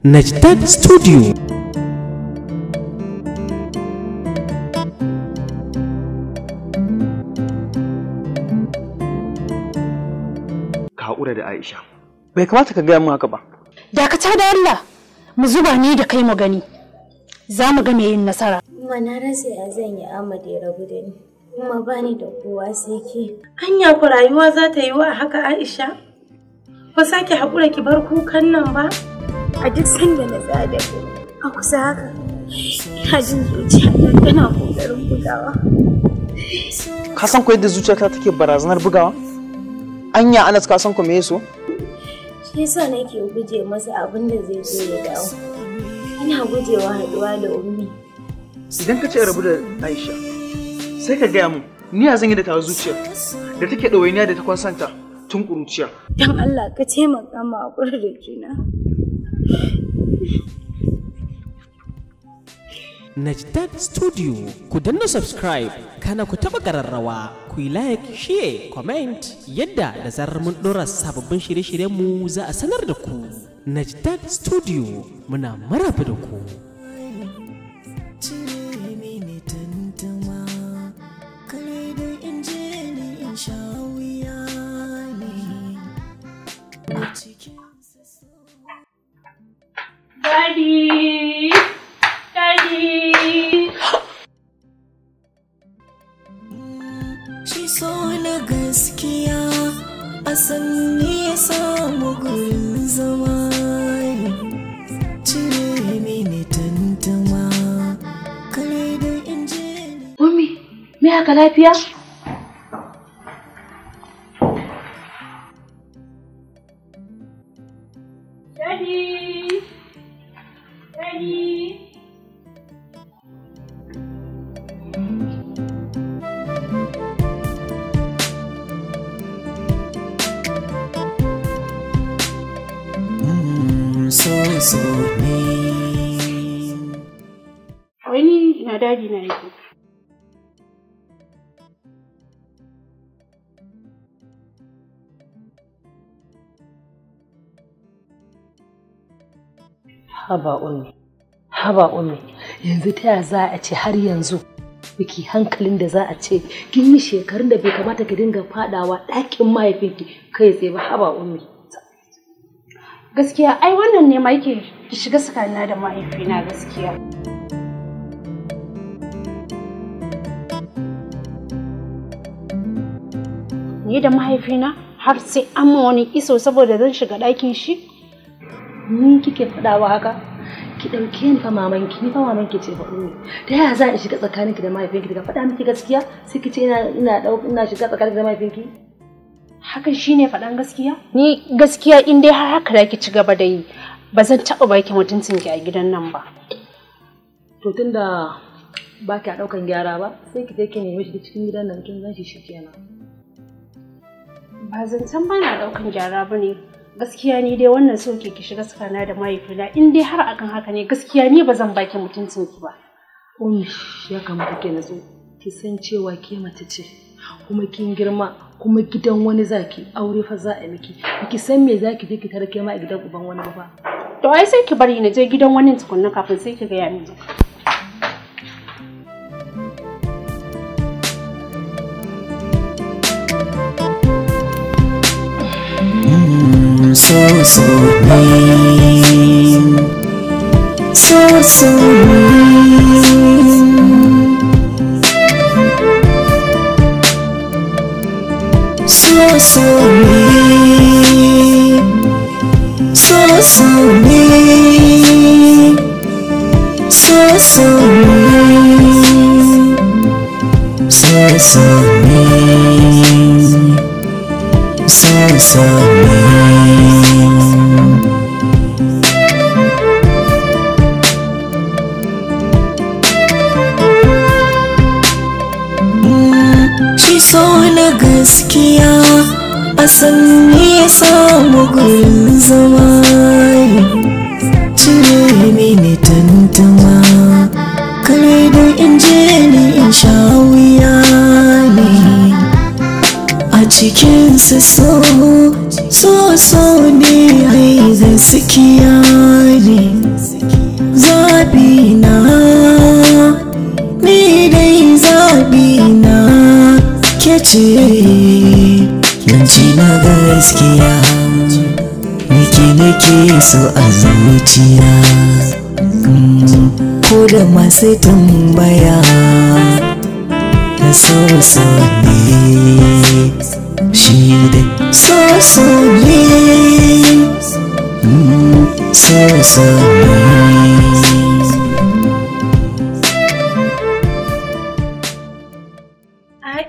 Najdad Studio. Ka'ura da Aisha. Bai kamata ka gaya mu haka ba. Dakata da Allah, mu zuba ni da kai mu gani. Za mu ga yin nasara. Kuma na rasa ya zan yi Ahmad ya rabu da ni. Kuma ba ni da kowa sai ke. Hanya ku rayuwa za ta yi wa haka Aisha? Ba sake haƙura ki bar kukan nan ba? a duk sanda na tsaya da a kusa haka ina jin zuciya tana kokarin bugawa ka san ko yadda ta take barazanar bugawa anya anas ka san ko me yaso shi yasa nake guje masa abin da zai zo ya dawo ina gujewa haduwa da ummi idan ka ce rabu da aisha sai ka gaya mun ni ya zan yi da ta zuciya da take ɗawainiya da ta santa tun ƙuruciya don allah ka taimaka ma a da juna Najdad Studio ku danna subscribe kana ku taɓa ƙararrawa ku yi like, share, comment yadda da zarar mun ɗora sababbin shirye-shiryenmu za a sanar da ku. Najdad Studio muna maraba da ku. Daddy! Daddy! na gaskiya a sanni ya samu gurin zama cire mini lafiya? ina haba Umi, haba Umi, yanzu ta za a ce har yanzu biki hankalin da za a ce kin yi shekarun da bai kamata ka dinga fadawa dakin mahaifinki kai tsaye ba haba Umi. gaskiya ai wannan ne ma yake shiga tsakanina da mahaifina gaskiya ni da mahaifina har sai an ma wani iso saboda zan shiga ɗakin shi ni kike faɗawa haka ki ɗauke ni fa mamanki ni fa mamanki ce fa ne da yaya za a shiga tsakaninki da mahaifinki daga faɗa miki gaskiya sai ki ce ina ina ina shiga tsakaninki da mahaifinki hakan shine faɗan gaskiya ni gaskiya in dai har haka da ki ci gaba da yi ba zan taɓa baki mutuncin ki a gidan nan ba to tunda ba ki a ɗaukan gyara ba sai ki je ki nemi shi cikin gidan nan kin zan shi kenan. Ba zancen ba na ɗaukan gyara ba ne. Gaskiya ni dai wannan soke ki shiga tsakana da mahaifina in dai har akan haka ne gaskiya ni ba zan baki mutuncin ki ba. Ummi ya kamata ki nazo, ki san cewa ke mace ce kuma kin girma kuma gidan wani zaki aure fa za a miki ki san me zaki je ki tarke ma a gidan uban wani ba. To ai sai ki bari na je gidan wani tukunna kafin sai ki ga ya miki. so ne so so gaskiya a sanni ya samu gurin zama cire mini tantama kare da in je ni in sha wuya ne a cikin su so so so ne ai zai ne zabi na ni dai zabi na ke ce gaskiya niki nake so a zuciya mm, Ko da masu tumbaya Na so so ne Shi da so so ne mm, So so ne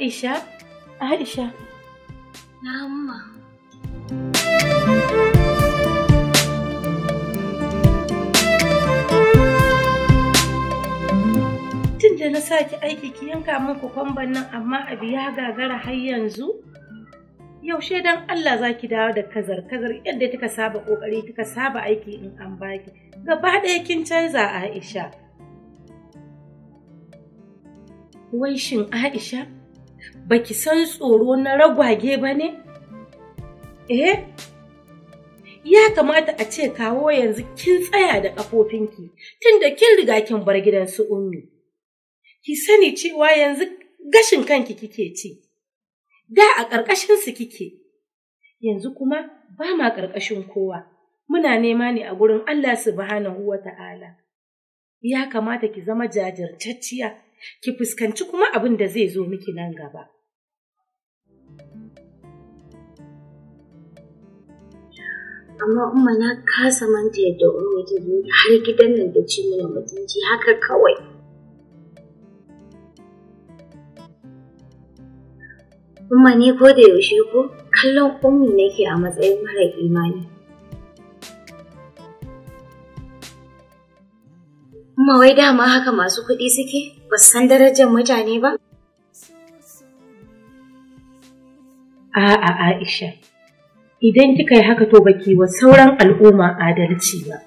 Aisha, Aisha. Na'amma. Tun da na saki aiki ki yanka min kukwamban nan amma abu ya gagara har yanzu? Yaushe dan Allah za ki dawo da kazar-kazar yadda kika saba ƙoƙari kika saba aiki in an baki. Gaba ɗaya kin canza Aisha. Wai shin Aisha baki san tsoro na ragwage ba ne? Eh? Ya kamata a ce kawo yanzu kin tsaya da ƙafofinki tunda kin riga kin bar gidan su ummi. Ki sani cewa yanzu gashin kanki kike ci. Da a ƙarƙashin su kike. Yanzu kuma ba ma ƙarƙashin kowa. Muna nema ne a gurin Allah subhanahu wa ta'ala. Ya kamata ki zama jajirtacciya, ki fuskanci kuma abin da zai zo miki nan gaba. amma umma na kasa manta yadda umma ta har gidan nan da ci mana mutunci haka kawai umma ni ko da yaushe ko kallon ummi nake a matsayin mara imani umma wai dama haka masu kuɗi suke ba san darajar mutane ba a'a Aisha idan kika yi haka to baki wa sauran al'umma adalci ba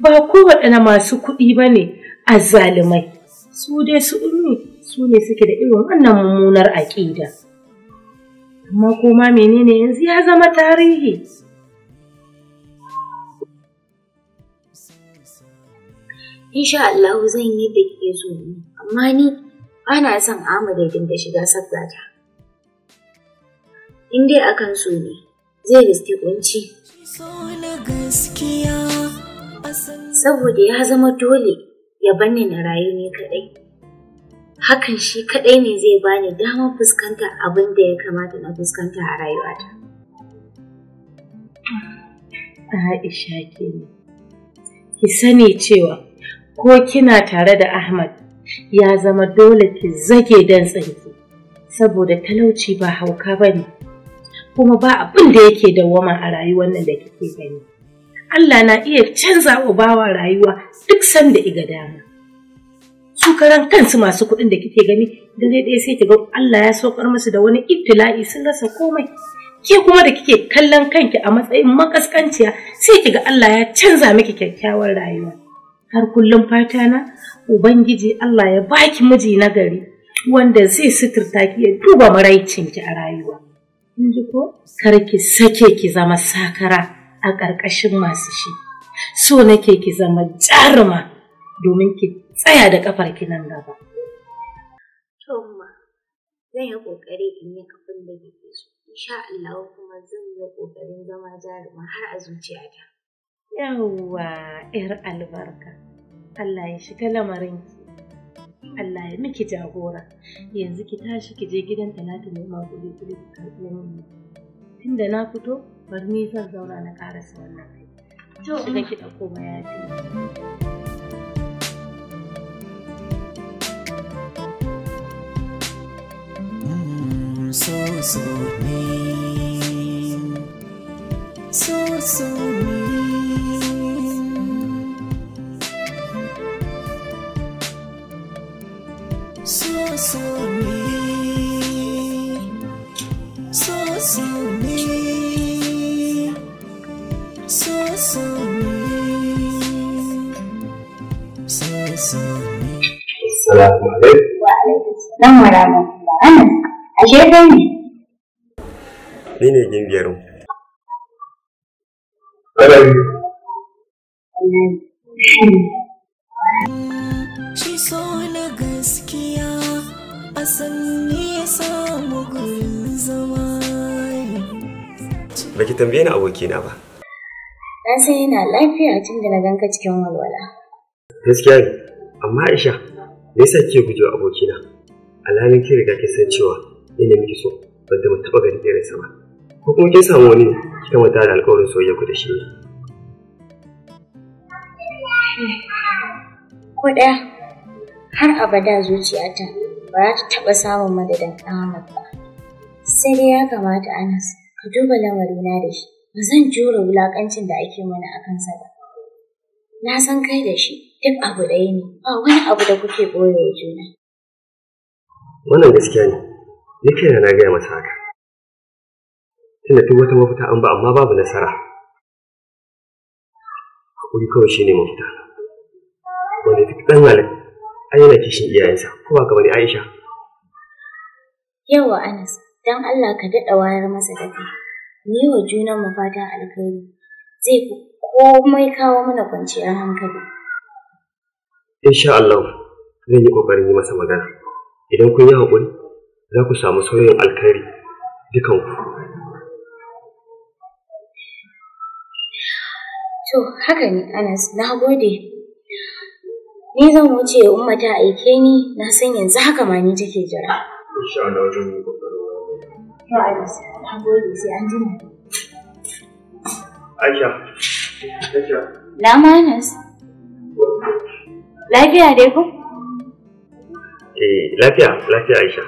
ba kowaɗanne masu kuɗi ba ne azzalumai su dai su ummi su ne suke da irin wannan mummunar aƙida amma kuma menene yanzu ya zama tarihi insha Allah zan yi da ke so amma ni ana son Ahmad ya shiga sabgata in dai akan so ne zai riske kunci. Saboda ya zama dole ya banne na rayu ne kaɗai. Hakan shi kaɗai ne zai bani damar fuskanta abin da ya kamata na fuskanta a rayuwata. Aisha kenan. Ki sani cewa ko kina tare da Ahmad ya zama dole ki zage dan tsanki saboda talauci ba hauka ne. kuma ba abin da yake dawwama a rayuwar nan da kike gani. Allah na iya canza wa bawa rayuwa duk sanda iga dama. Su karan kansu masu kuɗin da kike gani dare ɗaya sai ga Allah ya saukar musu da wani ibtila'i sun rasa komai. Ke kuma da kike kallon kanki a matsayin makaskanciya sai kiga Allah ya canza miki kyakkyawar rayuwa. Har kullum fata na Ubangiji Allah ya baki miji na gari wanda zai suturta ki ya duba maraicinki a rayuwa. Kar ki sake ki zama sakara a ƙarƙashin masu shi. So nake ki zama jaruma domin ki tsaya da ƙafar ki nan gaba. tomma zan yi ƙoƙari in yi kafin da kike so. Insha Allah kuma zan yi ƙoƙarin zama jaruma har a zuciyata. Yawwa, 'yar albarka. Allah ya shiga lamarinki. Allah ya miki jagora yanzu ki tashi ki je gidan talatu mai ma kuɗi kuɗi ki karɓi min tunda na fito bar ni zan zauna na ƙara wannan aiki to shiga mm. ki ɗauko mayafi mm, So so me, so so me. Assalamu alaikum. Anas, ashe kai ne? Ni ne gingiyar. na gaskiya a Baki tambaye ni abokina ba. Na san yana lafiya tun da na ganka cikin walwala. Gaskiya ne, amma Aisha, me yasa ke gujewa abokina? alhalin kin riga kin san cewa ni ne miki so ban da taɓa irinsa ba ko kuma kin samu wani kika manta da alƙawarin soyayya ku da shi ne. Ko ɗaya har abada zuciyata ba za ta taɓa samun madadin Ahmad ba. Sai dai ya kamata Anas ka duba lamarina da shi ba zan jure wulaƙancin da ake mana a sa ba. Na san kai da shi duk abu ɗaya ne ba wani abu da kuke ɓoye juna. wannan gaskiya ne ni kaina na gaya masa haka tunda duk wata mafita an ba amma babu nasara hakuri kawai shine mafita wani duk dan halin ai yana kishin iyayensa ko ba kamar Aisha yawa Anas dan Allah ka daɗa wayar masa da kai ni wa junan mu fatan alkhairi zai komai kawo mana kwanciyar hankali insha Allah zan yi kokarin yi masa magana idan kun yi haƙuri za ku samu sauyin alkhairi dukanku to haka ne anas na gode ni zan wuce umma ta aike ni na san yanzu haka ma ni take jira insha Allah wajen mu kokaro to anas na gode sai an jima Aisha Aisha Lama Anas Lafiya dai ko? eh lafiya lafiya aisha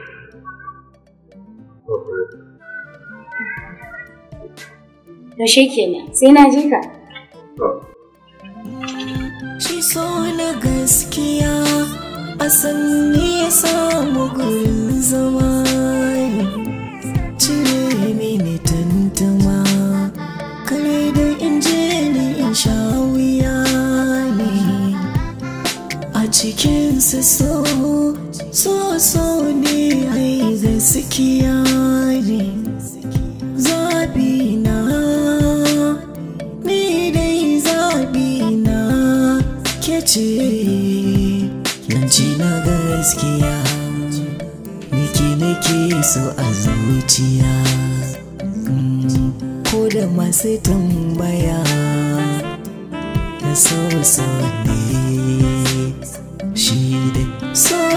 yaushe kenan sai na je ka shi na gaskiya asan ne ya sa gurin zama cire mini tantama kare da inje ne in sha wuya ne a cikinsa so so so ne ai zai siki zabina zabi ni dai zabi na ke na gaskiya niki nake so a zuciya mm, ko da masu tambaya da so so ne shi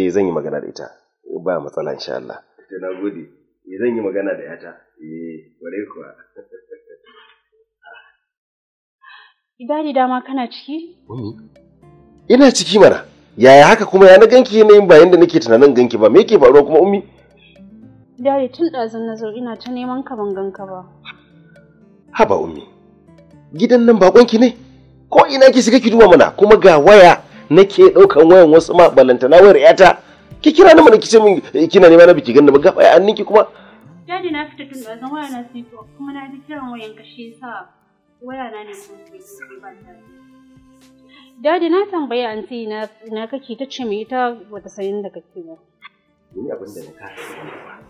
eh zan yi magana da ita ba matsala insha Allah to na gode eh zan yi magana da yata eh bare kuwa Idari dama kana ciki? Ina ciki mana. Yaya haka kuma ya na ganki ne bayan da nake tunanin ganki ba me yake faruwa kuma ummi? Idari tun ɗazun na zo ina ta neman ka ban ganka ba. Haba ummi. Gidan nan bakonki ne? Ko ina ki shiga ki duba mana kuma ga waya nake daukan wayan wasu ma na wayar yata ki kira ni mana kice min eh, kina nema na biki ganna ba gaba an ninki kuma Dadi na fita tun da zan waya na sai kuma na ji kiran wayan ka shi yasa waya na ne ba Dadi na tambaye anti na na kake ta ce me ita wata sayin da kake ba Ni abin da na kasa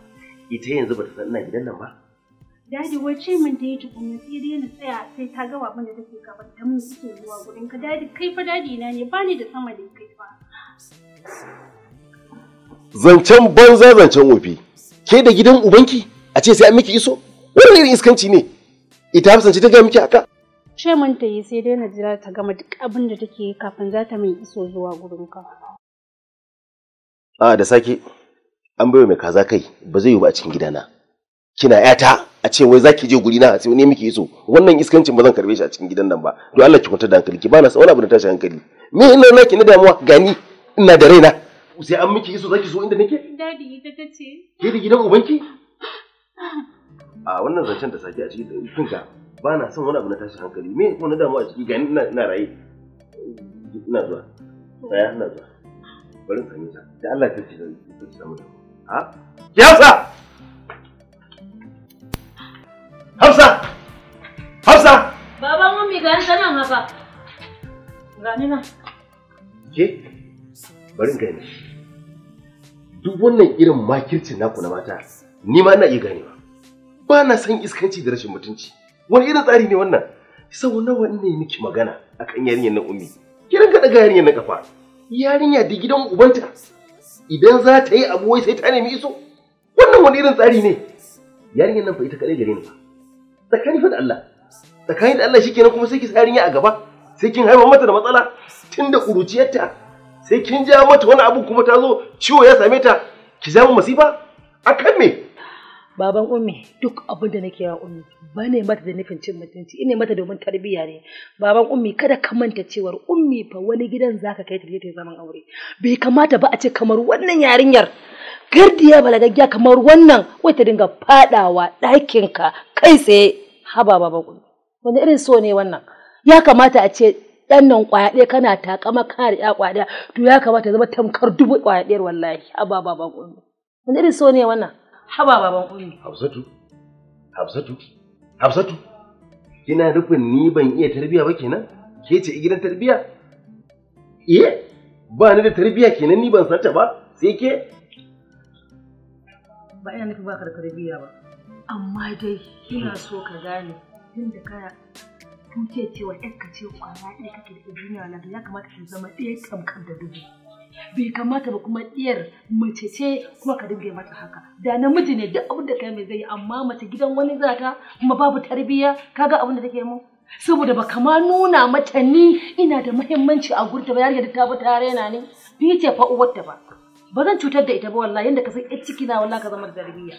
ita yanzu bata san ina gidan nan ba Dadi wace ce min ya yi tukunna sai dai na tsaya sai ta ga abin da take ka dan mu suke zuwa gurin ka dadi kai fa dadi na ne bani da sama da kai fa. Zancen banza zancen wofi. Ke da gidan ubanki a ce sai an miki iso? Wannan irin iskanci ne. Ita Hafsan ce ta ga miki haka? ce mun ta yi sai dai na jira ta gama duk abin da take yi kafin za ta min iso zuwa gurin ka. A da sake an bai mai kaza kai ba zai yi ba a cikin gidana. kina yata a ce wai zaki je guri na a ce ne muke so wannan iskancin ba zan karbe shi a cikin gidan nan ba don Allah ki kwanta da hankali ki bana wani abu da tashi hankali me ina naki na damuwa gani ina da raina sai an miki iso zaki so inda nake dadi ita tace ke da gidan ubanki a wannan zancen da sake a cikin kanka ba na son wani abu na tashi hankali me na damuwa a ciki gani ina ina raye ina zuwa tsaya ina zuwa bari in same da Allah ta ce ta samu ha ki hausa Hafsa! Hafsa! Baban Ummi ga ta nan haka. Gani nan. Ke? Bari in gane. Duk wannan irin makircin naku na mata, ni ma na iya ganewa. Ba na san iskanci da rashin mutunci. Wani irin tsari ne wannan? Sau nawa ne miki magana akan yarinyar na ummi? Ki rinka daga yarinyar na kafa. Yarinya da gidan ubanta. Idan za ta yi abu wai sai ta nemi iso. Wannan wani irin tsari ne? Yarinyar nan fa ita kaɗai gare ni ba. tsakani fa da Allah tsakani da Allah shikenan kuma sai ki tsarin ya a gaba sai kin haifar mata da matsala tunda kuruciyarta sai kin ja mata wani abu kuma ta zo ciwo ya same ta ki zama masifa akan me baban ummi duk abin da nake yawa ummi ba ne mata da nufin cin mutunci ina mata domin tarbiyya ne baban ummi kada ka manta cewar ummi fa wani gidan zaka kai ta ta zaman aure bai kamata ba a ce kamar wannan yarinyar gardiya balagaggiya kamar wannan wai ta dinga fadawa ɗakinka kai tsaye haba baba kun wani irin so ne wannan ya kamata a ce ɗan nan kwaya ɗaya kana takama kana da ya kwaya ɗaya to ya kamata zama tamkar dubu kwaya ɗayar wallahi haba baba kun wani irin so ne wannan haba baban kun hafsatu hafsatu hafsatu kina nufin ni ban iya tarbiya ba kenan ke ce gidan tarbiya eh ba ni da tarbiya kenan ni ban sarta ba sai ke ba ina nufin baka da tarbiyya ba amma dai ina so ka gane tunda ka tuce cewa ka ce kwana ɗaya kake da duniya na ya kamata ka zama ɗaya kamkar da dubu bai kamata ba kuma ɗiyar mace ce kuma ka dinga mata haka da namiji ne duk abin da kai mai zai amma mace gidan wani za ta kuma babu tarbiyya ka abin da take mu saboda ba kama nuna mata ni ina da muhimmanci a gurta ba yarinya da ta bi ta na ni bi ce fa uwarta ba ba cutar da ita ba wallahi yanda ka san ƴar ciki na wallahi ka zama da tarbiyya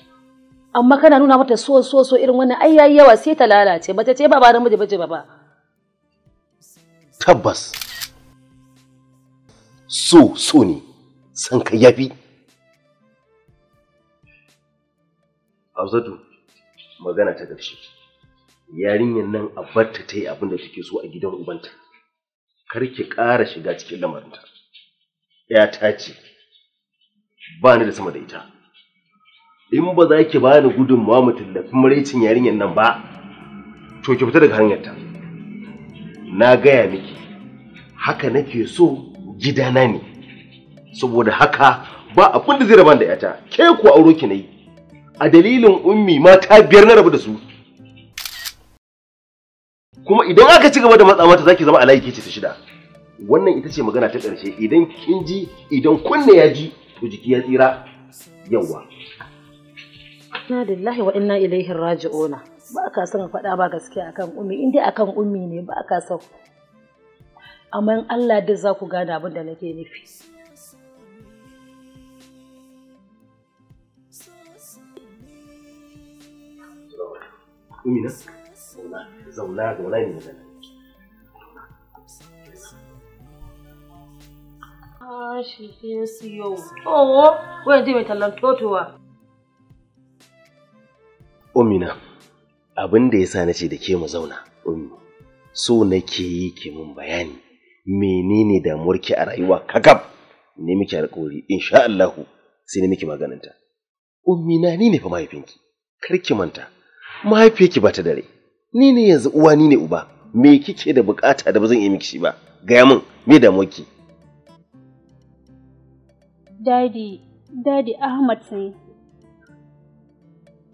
amma kana nuna mata so so so irin wannan ai yayi yawa sai ta lalace mace ce ba ba namiji bace ba ba tabbas so so ne san ka yafi Hafsatu magana ta ƙarshe yarinyar nan a barta ta yi abin da take so a gidan ubanta kar ki ƙara shiga cikin lamarinta ya ta ce ba ni da sama da ita in ba za ki ba ni gudunmawa mu tallafi maraicin yarinyar nan ba to ki fita daga hanyarta na gaya miki haka nake so gidana ne saboda haka ba abin da zai raba da yata ke ku auro ki nayi a dalilin ummi mata biyar na rabu da su kuma idan aka ci gaba da matsa mata zaki zama alaiki ce ta shida wannan ita ce magana ta ƙarshe idan kin ji idan kunne ya ji to jiki ya tsira yawwa Na lillahi wa inna ilaihi raji'una ba ka son faɗa ba gaskiya akan ummi in dai akan ummi ne ba ka son amma in Allah da za ku gane abin da nake nufi na zauna, zauna, zauna ne magana. shi ke siyo owo wayan ji mai tallan totowa umina abin da yasa nace da ke mu zauna ummi so nake yi ke mun bayani menene ki a rayuwa kagab ne miki alƙawari insha Allah sai ne miki maganinta ummi ni ne fa mahaifinki kar ki manta mahaifiyarki ba ta dare ni ne yanzu uwa ni ne uba me kike da bukata da ba zan iya miki shi ba gaya min me ki? Dadi, Dadi Ahmad ne.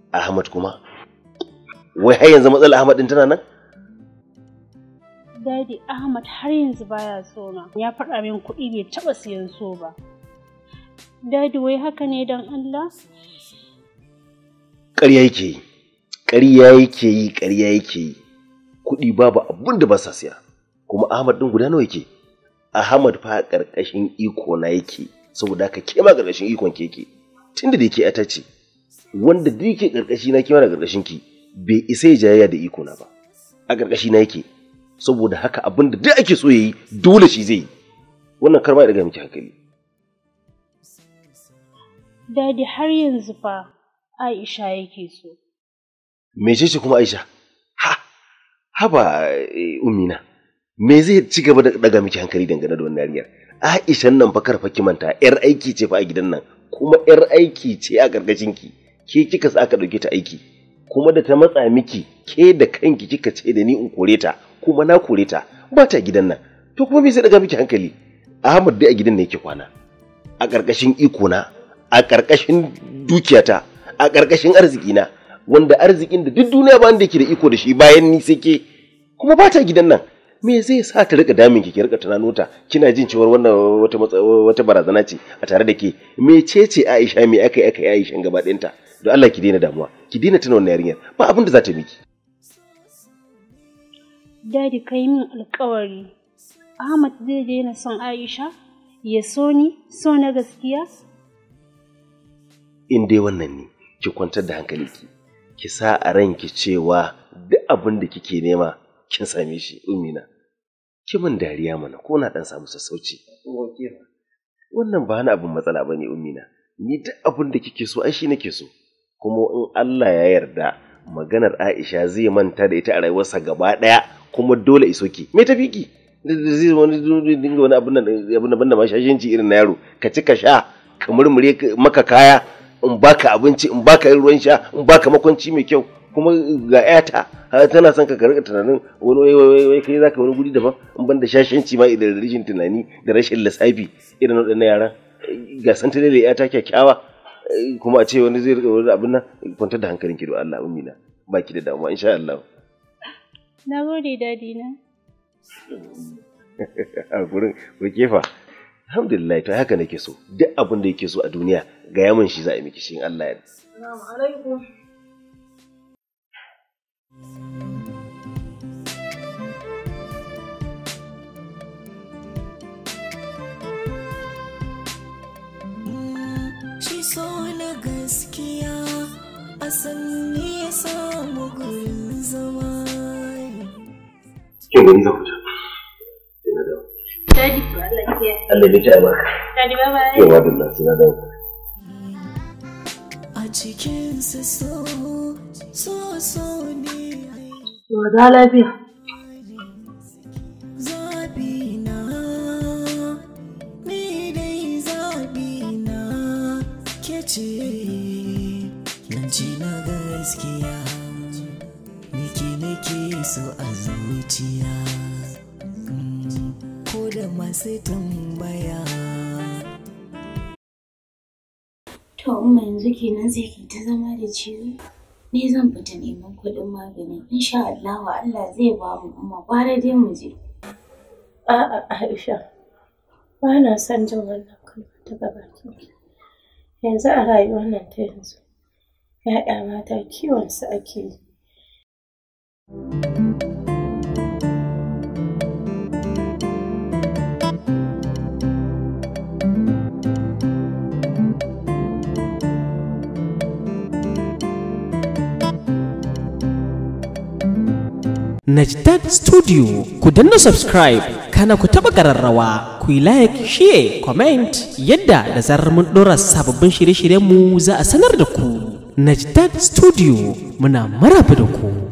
Ahmad kuma? Wai har yanzu matsalar Ahmad din tana nan? Dadi Ahmad har yanzu baya so na. Ya faɗa min kuɗi bai taɓa siyan so ba. Dadi wai haka ne don Allah? Ƙarya yake yi, ƙarya yake yi, ƙarya yake yi. Kuɗi babu abin da ba sa siya. Kuma Ahmad ɗin guda nawa yake? Ahmad fa ƙarƙashin iko na yake. saboda ka ke ba gargashin ikon keke tunda da ke ata ce wanda duk yake gargashi na kima da gargashin ki bai isa ya jayayya da iko na ba a gargashi na yake saboda haka abin da duk ake so yayi dole shi zai yi wannan karma ya daga miki hankali dadi har yanzu fa Aisha yake so Me ce kuma Aisha ha haba eh, umina me zai ci gaba da daga miki hankali dangane da wannan yariyar Aisha nan bakar ki manta yar aiki ce fa a gidan nan kuma yar aiki ce a gargajin ki ke kika sa aka dauke ta aiki kuma da ta matsa miki ke da kanki kika ce da ni in kore ta kuma na kore ta ba ta gidan nan to kuma me zai daga miki hankali Ahmad dai a gidan ne yake kwana a karkashin iko na a karkashin dukiyata a karkashin arziki na wanda arzikin da duk duniya ba wanda yake da iko da shi bayan ni sai ke kuma ba ta gidan nan me zai sa ta rika damin ki ki rika ta kina jin cewa wannan wata wata barazana ce a tare da ke me ce mecece Aisha me aka aka Aisha gaba ta don Allah ki daina damuwa ki daina tana wannan yarinyar ba abin da za ta miki Dadi kai min alƙawari. Ahmad zai daina son Aisha ya so ni so na gaskiya in dai wannan ne ki kwantar da hankali ki sa a ranki cewa duk abin da kike nema kin same shi umina ki min dariya mana ko na dan samu sassauci wannan ba na abin matsala ba ne, ummina ni duk abin da kike so an shi nake so kuma in Allah ya yarda maganar Aisha zai manta da ita a rayuwarsa gaba daya kuma dole iso ki me tafi ki zai wani dinga wani abin nan abin nan irin na yaro ka ci ka sha ka murmure maka kaya in baka abinci in baka yin ruwan sha in baka makwanci mai kyau kuma ga yata tana son ka karɓi tunanin wani wai wai wai kai zaka wani guri daban in ban da shashanci ma idan rashin tunani da rashin lissafi irin waɗannan yaran ga san ta da yata kyakkyawa kuma a ce wani zai rika wani abin nan kwantar da hankalin ki don Allah ummina ki da damuwa insha Allah na gode dadi na a gurin kefa alhamdulillah to haka nake so duk abin da yake so a duniya ga yamin shi za a yi miki shi in Allah ya a sanni samu gurin zama kin gari Allah ya. Allah ya A cikin su so, so so ne. Wada lafiya. dai zuci na gaskiya niki nake so a zuciya mm, ko da masu tambaya to umma yanzu kenan sai ki ta zama da ciwo ni zan fita neman kuɗin maganin insha Allah Allah zai ba mu umma gwara mu je a'a Aisha ba son jin wannan kalma ta gaba yanzu a rayuwar nan ta yanzu ‘ya'ya mata kiwon su ake yi. Najdad Studio ku danna subscribe kana ku taba gararrawa ku yi like share comment yadda da zarar mun dora sababbin shirye-shiryenmu za a sanar da ku Najdad Studio muna maraba da ku.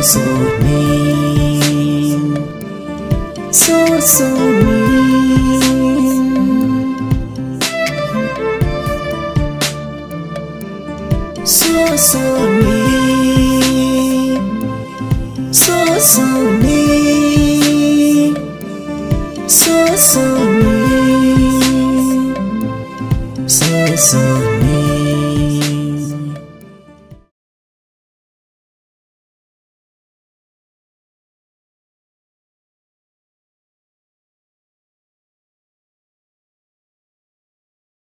His old name So, so mean So, so